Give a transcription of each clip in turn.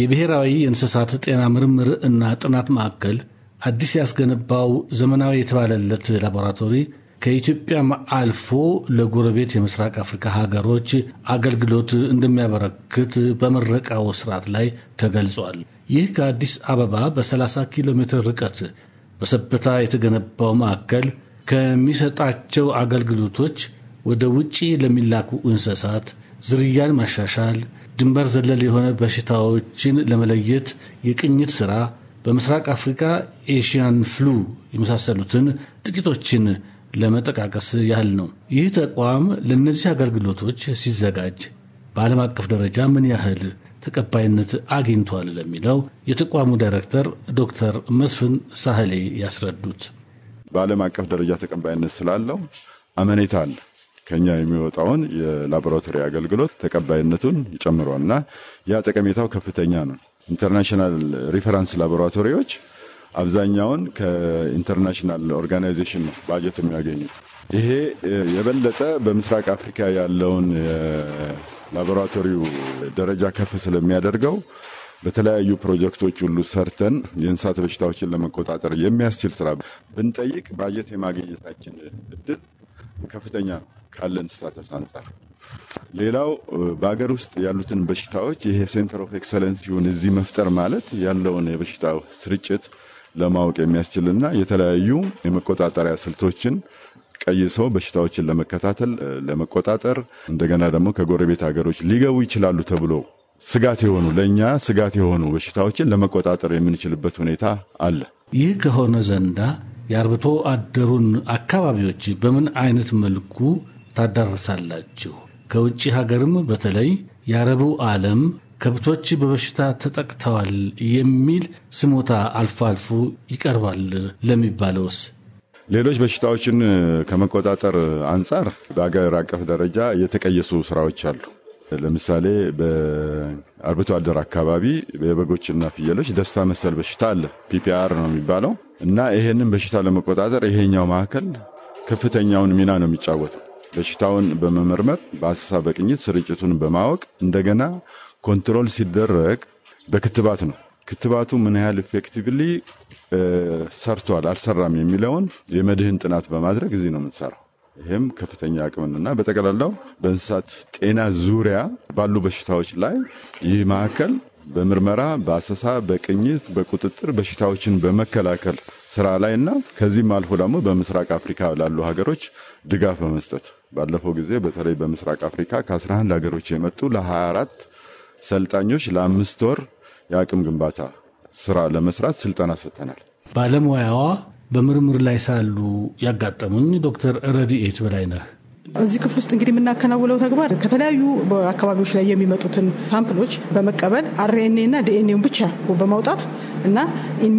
የብሔራዊ የእንስሳት ጤና ምርምር እና ጥናት ማዕከል አዲስ ያስገነባው ዘመናዊ የተባለለት ላቦራቶሪ ከኢትዮጵያም አልፎ ለጎረቤት የምስራቅ አፍሪካ ሀገሮች አገልግሎት እንደሚያበረክት በምረቃው ስርዓት ላይ ተገልጿል። ይህ ከአዲስ አበባ በ30 ኪሎ ሜትር ርቀት በሰበታ የተገነባው ማዕከል ከሚሰጣቸው አገልግሎቶች ወደ ውጪ ለሚላኩ እንስሳት ዝርያን ማሻሻል ድንበር ዘለል የሆነ በሽታዎችን ለመለየት የቅኝት ስራ በምስራቅ አፍሪካ ኤሽያን ፍሉ የመሳሰሉትን ጥቂቶችን ለመጠቃቀስ ያህል ነው። ይህ ተቋም ለእነዚህ አገልግሎቶች ሲዘጋጅ በዓለም አቀፍ ደረጃ ምን ያህል ተቀባይነት አግኝቷል ለሚለው የተቋሙ ዳይሬክተር ዶክተር መስፍን ሳህሌ ያስረዱት በዓለም አቀፍ ደረጃ ተቀባይነት ስላለው አመኔታ አለ። ከኛ የሚወጣውን የላቦራቶሪ አገልግሎት ተቀባይነቱን ይጨምሯል እና ያ ጠቀሜታው ከፍተኛ ነው። ኢንተርናሽናል ሪፈራንስ ላቦራቶሪዎች አብዛኛውን ከኢንተርናሽናል ኦርጋናይዜሽን ነው ባጀት የሚያገኙት። ይሄ የበለጠ በምስራቅ አፍሪካ ያለውን ላቦራቶሪው ደረጃ ከፍ ስለሚያደርገው በተለያዩ ፕሮጀክቶች ሁሉ ሰርተን የእንስሳት በሽታዎችን ለመቆጣጠር የሚያስችል ስራ ብንጠይቅ ባጀት የማግኘታችን እድል ከፍተኛ ነው ካለን ስትራተስ አንጻር። ሌላው በሀገር ውስጥ ያሉትን በሽታዎች ይሄ ሴንተር ኦፍ ኤክሰለንስ ሲሆን እዚህ መፍጠር ማለት ያለውን የበሽታ ስርጭት ለማወቅ የሚያስችልና የተለያዩ የመቆጣጠሪያ ስልቶችን ቀይሶ በሽታዎችን ለመከታተል ለመቆጣጠር፣ እንደገና ደግሞ ከጎረቤት ሀገሮች ሊገቡ ይችላሉ ተብሎ ስጋት የሆኑ ለእኛ ስጋት የሆኑ በሽታዎችን ለመቆጣጠር የምንችልበት ሁኔታ አለ። ይህ ከሆነ ዘንዳ የአርብቶ አደሩን አካባቢዎች በምን አይነት መልኩ ታዳርሳላችሁ? ከውጭ ሀገርም በተለይ የአረቡ ዓለም ከብቶች በበሽታ ተጠቅተዋል የሚል ስሞታ አልፎ አልፎ ይቀርባል ለሚባለውስ? ሌሎች በሽታዎችን ከመቆጣጠር አንጻር በአገር አቀፍ ደረጃ የተቀየሱ ስራዎች አሉ። ለምሳሌ አርብቶ አደር አካባቢ የበጎችና ፍየሎች ደስታ መሰል በሽታ አለ፣ ፒፒአር ነው የሚባለው እና ይሄንን በሽታ ለመቆጣጠር ይሄኛው ማዕከል ከፍተኛውን ሚና ነው የሚጫወተው። በሽታውን በመመርመር በአሰሳ በቅኝት ስርጭቱን በማወቅ እንደገና ኮንትሮል ሲደረግ በክትባት ነው። ክትባቱ ምን ያህል ኢፌክቲቭሊ ሰርቷል አልሰራም የሚለውን የመድህን ጥናት በማድረግ እዚህ ነው የምንሰራው። ይህም ከፍተኛ አቅምንና በጠቅላላው በእንስሳት ጤና ዙሪያ ባሉ በሽታዎች ላይ ይህ ማዕከል በምርመራ፣ በአሰሳ፣ በቅኝት፣ በቁጥጥር በሽታዎችን በመከላከል ስራ ላይ እና ከዚህም አልፎ ደግሞ በምስራቅ አፍሪካ ላሉ ሀገሮች ድጋፍ በመስጠት ባለፈው ጊዜ በተለይ በምስራቅ አፍሪካ ከ11 ሀገሮች የመጡ ለ24 ሰልጣኞች ለአምስት ወር የአቅም ግንባታ ስራ ለመስራት ስልጠና ሰጥተናል። ባለሙያዋ በምርምር ላይ ሳሉ ያጋጠሙኝ ዶክተር ረድኤት ነህ። እዚህ ክፍል ውስጥ እንግዲህ የምናከናውለው ተግባር ከተለያዩ አካባቢዎች ላይ የሚመጡትን ሳምፕሎች በመቀበል አርኤንኤ እና ዲኤንኤውን ብቻ በማውጣት እና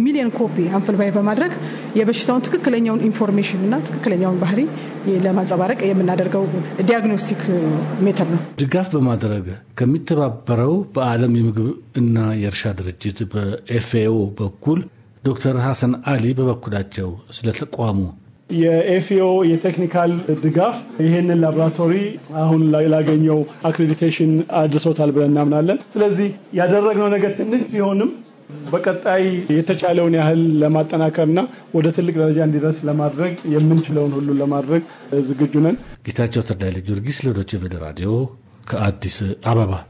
ሚሊዮን ኮፒ አምፕልባይ በማድረግ የበሽታውን ትክክለኛውን ኢንፎርሜሽን እና ትክክለኛውን ባህሪ ለማንጸባረቅ የምናደርገው ዲያግኖስቲክ ሜተር ነው። ድጋፍ በማድረግ ከሚተባበረው በዓለም የምግብ እና የእርሻ ድርጅት በኤፍኤኦ በኩል ዶክተር ሐሰን አሊ በበኩላቸው ስለተቋሙ የኤፍኦ የቴክኒካል ድጋፍ ይህንን ላቦራቶሪ አሁን ላገኘው አክሬዲቴሽን አድርሶታል ብለን እናምናለን። ስለዚህ ያደረግነው ነገር ትንሽ ቢሆንም በቀጣይ የተቻለውን ያህል ለማጠናከርና ወደ ትልቅ ደረጃ እንዲደርስ ለማድረግ የምንችለውን ሁሉ ለማድረግ ዝግጁ ነን። ጌታቸው ተዳይ ጊዮርጊስ ለዶይቼ ቬለ ራዲዮ ከአዲስ አበባ